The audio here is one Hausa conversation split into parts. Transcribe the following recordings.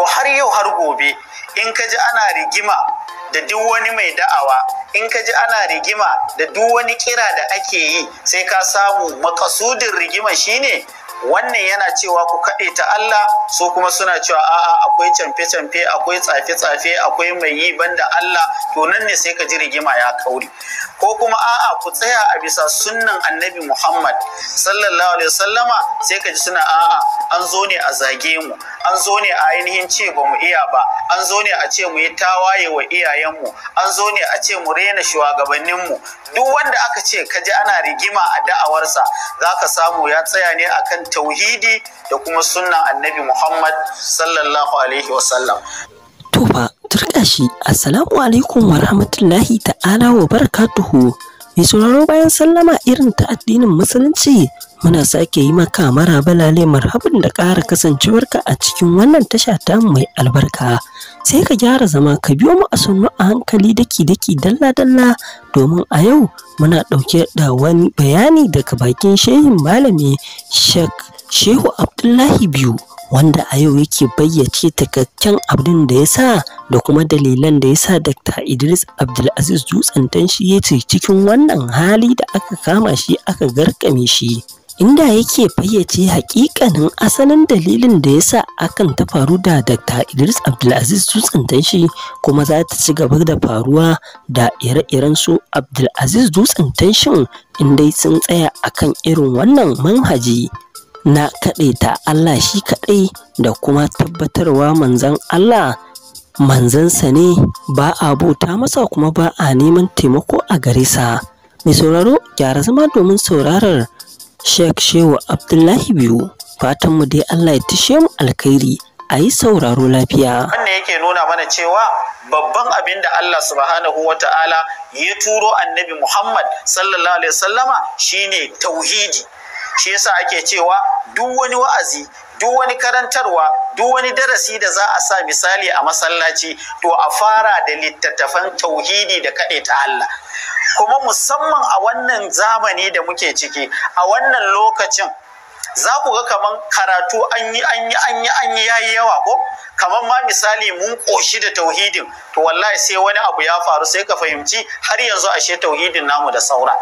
to har yau har gobe in ka ji ana rigima da duk wani mai da'awa in ka ji ana rigima da duk wani kira da ake yi sai ka samu makasudin rigima shine wannan yana cewa ku kaɗe ta Allah su kuma suna cewa a'a akwai camfe-camfe akwai tsafe-tsafe akwai mai yi banda Allah to nan ne sai ka ji rigima ya kauri ko kuma a'a ku tsaya a bisa sunnan annabi Muhammad sallallahu alaihi wasallama sai ka ji suna a'a an zo ne a zage mu an zo ne a ainihin ce ba mu iya ba an zo ne a ce mu yi tawaye wa iyayenmu an zo ne a ce mu rena shugabanninmu duk wanda aka ce ka ji ana rigima a da'awarsa za ka samu ya tsaya ne a kan tauhidi da kuma sunnan annabi muhammad sallallahu alaihi wasallam tufa turka shi assalamu alaikum wa rahmatullahi ta'ala wa barakatuhu mai sauraro bayan sallama irin ta addinin musulunci muna sake yi maka mara balale marhaban da ƙara kasancewarka a cikin wannan tasha ta mai albarka sai ka gyara zama ka biyo mu a a hankali daki daki dalla dalla domin a yau muna ɗauke da wani bayani daga bakin shehin malami shehu abdullahi biyu wanda a yau yake bayyace takakken abin da ya sa da kuma dalilan da ya sa Dr. Idris Abdulaziz Dutsen shi ya ce cikin wannan hali da aka kama shi aka garkame shi. inda yake fayyace hakikanin asalin dalilin da ya sa akan ta faru da Dr. Idris Abdulaziz Dutsen Tashi kuma za ta ci gaba da faruwa da ire-iren su Abdulaziz Dutsen Tanshin in dai sun tsaya akan irin wannan manhaji na kaɗaita Allah shi kaɗai da kuma tabbatarwa manzan Allah manzansa ne ba a bauta masa kuma ba a neman taimako a gare sa. Mai sauraro gyara zama domin saurarar Sheikh Shehu Abdullahi Biyu fatan mu dai Allah ya tishe mu alkhairi a yi sauraro lafiya. Wannan yake nuna mana cewa babban abin da Allah subhanahu wa ta'ala ya turo annabi Muhammad sallallahu alaihi wasallama shine tauhidi. Shi yasa ake cewa duk wani wa'azi duk wani karantarwa duk wani darasi da za a sa misali a masallaci to a fara da littattafan tauhidi da kaɗe ta Allah kuma musamman a wannan zamani da muke ciki a wannan lokacin za ku ga kaman karatu an yi an yi an yi an yi yayi yawa ko kaman ma misali mun koshi da tauhidin to wallahi sai wani abu ya faru sai ka fahimci har yanzu ashe tauhidin namu da saura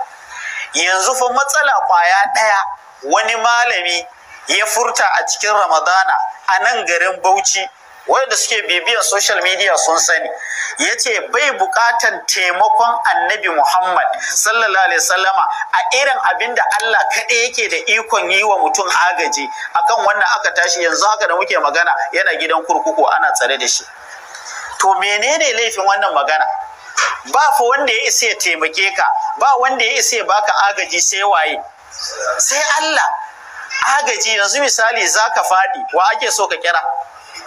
yanzu fa matsala kwaya ɗaya wani malami ya furta a cikin ramadana a nan garin bauchi wanda suke bibiyan social media sun sani ya ce bai bukatan taimakon annabi Muhammad sallallahu alaihi wasallama a irin abinda Allah kaɗai yake da ikon yi wa mutum agaji akan wannan aka tashi yanzu haka da muke magana yana gidan kurkuku ana tsare da shi to menene laifin wannan magana ba fa wanda ya isa ya taimake ka ba wanda ya isa ya baka agaji sai waye sai Allah agaji yanzu misali zaka faɗi wa ake so ka kira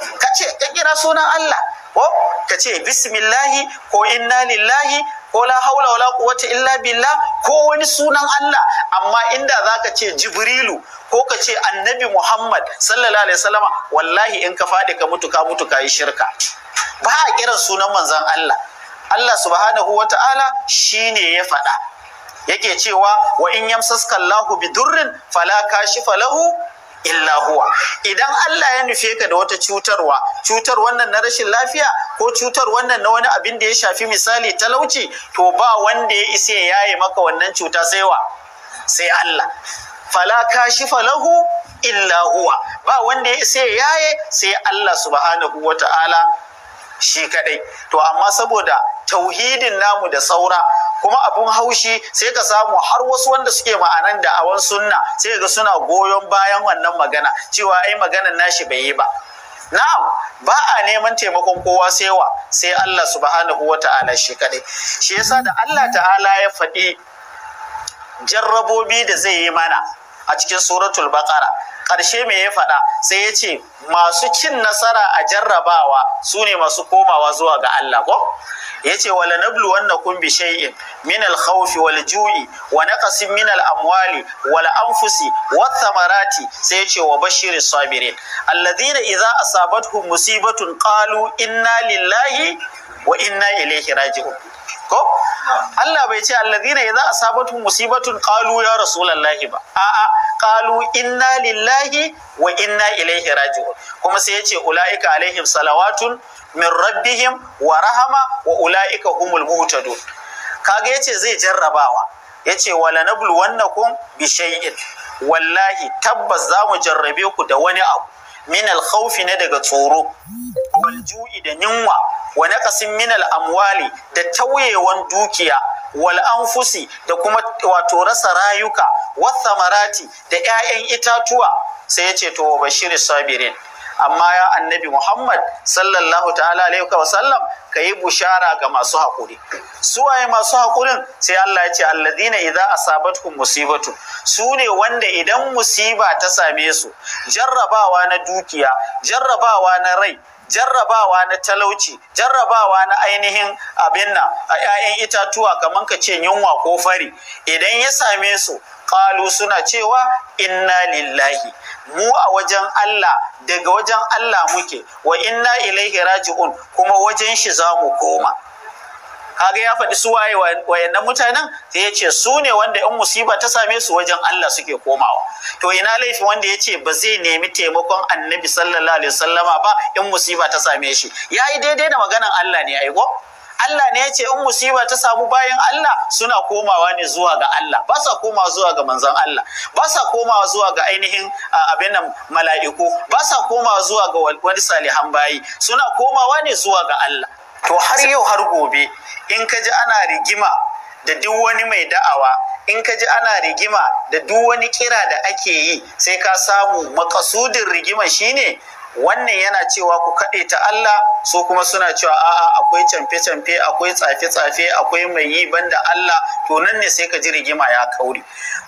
ka ce ka kira sunan Allah ko ka ce bismillahi ko inna lillahi ko la haula wala quwwata illa billah ko wani sunan Allah amma inda zaka ce jibrilu ko ka ce annabi Muhammad sallallahu alaihi wasallama wallahi in ka fadi ka mutu ka mutu ka yi shirka ba a kiran sunan manzon Allah Allah subhanahu wata'ala shi shine ya faɗa yake cewa wa in yamsaskallahu bidurrin fala kashifa lahu illa huwa idan Allah ya nufe ka da wata cutarwa cutar wannan na rashin lafiya ko cutar wannan na wani abin da ya shafi misali talauci to ba wanda ya isa ya yaye maka wannan cuta sai wa sai Allah fala kashifa lahu illa huwa ba wanda ya isa ya yaye sai Allah subhanahu wata'ala shi kadai to amma saboda tauhidin namu da saura kuma abun haushi sai ka samu har wasu wanda suke ma'anan da awan sunna sai ga suna goyon bayan wannan magana cewa ai maganan nashi bai yi ba na'am ba a neman taimakon kowa saiwa sai Allah subhanahu wa ta'ala shi kaɗai shi yasa da Allah ta'ala ya faɗi jarrabobi da zai yi mana a cikin suratul baqara ƙarshe me ya faɗa sai ya ce masu cin nasara a jarrabawa su ne masu komawa zuwa ga Allah ko ya ce wala nablu wanna kun bi shay'in min al khawfi wal ju'i wa naqsin min al amwali wal anfusi wat thamarati sai ya ce wa bashir sabirin alladhina idza asabatuhum musibatun qalu inna lillahi wa inna ilaihi raji'un ko Allah bai ce alladhina idza asabatuhum musibatun qalu ya lallahi ba a'a qalu inna lillahi wa inna ilaihi raji'un kuma sai yace ulaika alaihim salawatun min rabbihim wa rahama wa ulaika humul muhtadun kaga yace zai jarrabawa yace wala wannakum bi shay'in wallahi tabbas za mu jarrabe ku da wani abu min khawfi na daga tsoro wal ju'i da ninwa wa naqasin min al amwali da tauyewan dukiya wal anfusi da kuma wato rasa rayuka marati da 'ya'yan itatuwa sai ya ce to wa bashir sabirin amma ya annabi Muhammad sallallahu ta'ala alaihi wa sallam kayi bushara ga masu haƙuri waye masu haƙurin sai Allah ya ce alladhina idza asabatkum musibatu su ne wanda idan musiba ta same su jarrabawa na dukiya jarrabawa na rai jarrabawa na talauci jarrabawa na ainihin abin nan a 'ya'yan itatuwa kamar ka ce yunwa ko fari idan ya same su ƙalu suna cewa inna lillahi mu a wajen Allah daga wajen Allah muke wa inna ilaihi raji'un kuma wajen shi za mu koma kaga ya faɗi su waye wayannan mutanen ta ya ce su ne wanda in musiba ta same su wajen Allah suke komawa to ina laifin wanda ya ce ba zai nemi taimakon annabi sallallahu alaihi wasallama ba in musiba ta same shi ya yi daidai da maganan Allah ne aiko Allah ne ya ce in musiba ta samu bayan Allah suna komawa ne zuwa ga Allah ba sa komawa zuwa ga manzon Allah ba sa komawa zuwa ga ainihin abin nan mala'iku ba sa komawa zuwa ga wani salihan bayi suna komawa ne zuwa ga Allah to har yau har gobe in ka ji ana rigima da duk wani mai da'awa in ka ji ana rigima da duk wani kira da ake yi sai ka samu makasudin rigima shine wannan yana cewa ku kaɗe ta Allah su kuma suna cewa a'a akwai canfe-canfe, akwai tsafe-tsafe akwai mai yi ban da Allah to nan ne sai ka ji rigima ya kauri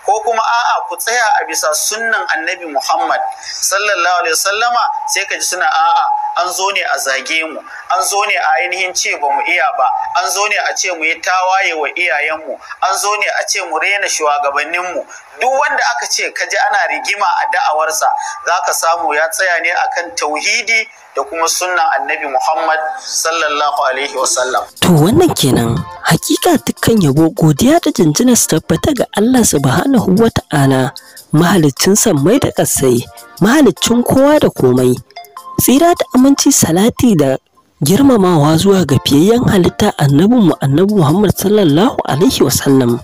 ko kuma a'a ku tsaya a bisa sunnan annabi Muhammad sallallahu alaihi wasallama sai ka ji suna a'a an zo ne a zage mu an zo ne a ainihin ce ba mu iya ba an zo ne a ce mu yi tawaye wa iyayenmu an zo ne a ce mu rena mu. duk wanda aka ce ka ji ana rigima a da'awarsa za ka samu ya tsaya ne a kan tauhidi da kuma sunna annabi Muhammad sallallahu alaihi wasallam. To wannan kenan hakika dukkan yabo godiya da jinjina su tabbata ga Allah subhanahu wa ta'ala mahalicin sammai da ƙasai mahalicin kowa da komai tsira da aminci salati da girmamawa zuwa ga fiyayyen halitta annabinmu annabi Muhammad sallallahu alaihi wasallam.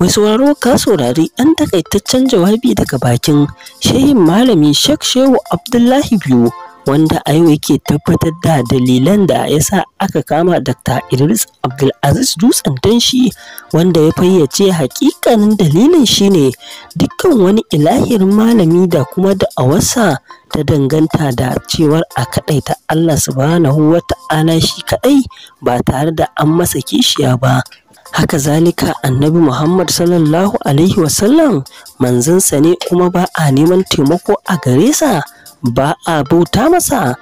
Mai sauraro ka saurari ɗan takaitaccen jawabi daga bakin shehin malami Sheikh Shehu Abdullahi Biyu wanda a yau yake tabbatar da dalilan da ya sa aka kama Dr. Idris Abdulaziz Dutsen Danshi wanda ya fayyace hakikanin dalilin shine dukkan wani ilahir malami da kuma da awasa ta danganta da cewar a kaɗaita Allah subhanahu wa ta'ala shi kaɗai ba tare da an masa kishiya ba. haka zalika annabi muhammad sallallahu alaihi wasallam manzansa ne kuma ba a neman taimako a gare sa ba a bauta masa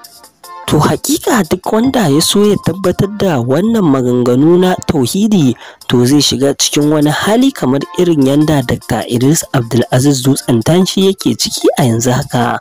to hakika duk wanda ya so ya tabbatar da wannan maganganu na tauhidi to zai shiga cikin wani hali kamar irin yanda dr idris abdulaziz dutsen tanshi yake ciki a yanzu haka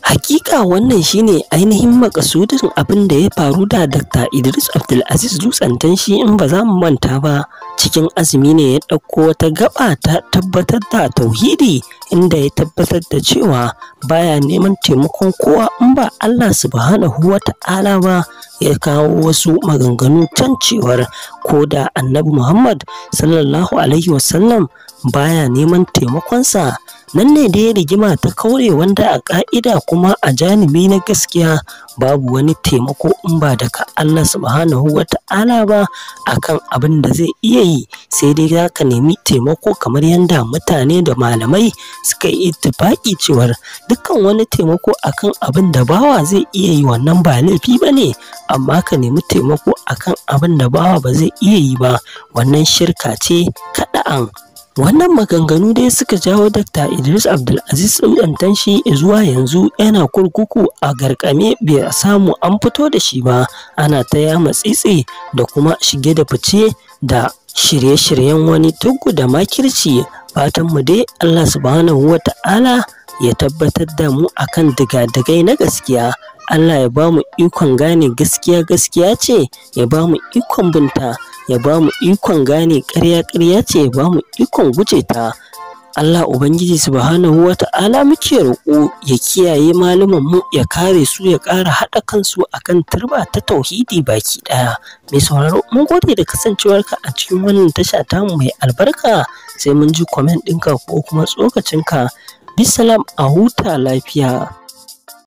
Hakika wannan shine ainihin makasudin abin da ya faru da Dr. Idris Abdulaziz Dutsen shi in ba za mu manta ba cikin azumi ne ya ɗauko wata gaba ta tabbatar da tauhidi inda ya tabbatar da cewa baya neman taimakon kowa in ba Allah subhanahu wa ta'ala ba ya kawo wasu maganganu can cewar ko da annabi Muhammad sallallahu alaihi wasallam baya neman taimakonsa nan ne dai rigima ta kaure wanda a ƙa'ida kuma a janibi na gaskiya babu wani taimako in ba daga Allah subhanahu wa ta'ala ba akan abin da zai iya yi sai dai za ka nemi taimako kamar yadda mutane da malamai suka yi tufaƙi cewar dukkan wani taimako akan abin da bawa zai iya yi wannan ba laifi ba ne amma ka nemi taimako akan abin da bawa ba zai iya yi ba wannan shirka ce kaɗa'an Wannan maganganu dai suka jawo Dr. Idris Abdulaziz tanshi zuwa yanzu yana kurkuku a garkame bai samu an fito da shi ba ana ta yama tsitsi, da kuma shige da fice da shirye-shiryen wani tugu da makirci fatan mu dai Allah subhanahu wa ta'ala ya tabbatar da mu akan digadigai na gaskiya Allah ya ba mu ikon gane gaskiya gaskiya ce ya ba mu ikon binta ya ba mu ikon gane ƙarya karya ce ya ba mu ikon guje ta Allah Ubangiji subhanahu wa ta'ala muke roƙo ya kiyaye malaman mu ya kare su ya ƙara haɗa kansu akan turba ta tauhidi baki ɗaya. Mai sauraro mun gode da kasancewarka a cikin wannan tasha tamu mai albarka sai mun ji comment ɗinka ko kuma tsokacinka. Bisalam a huta lafiya.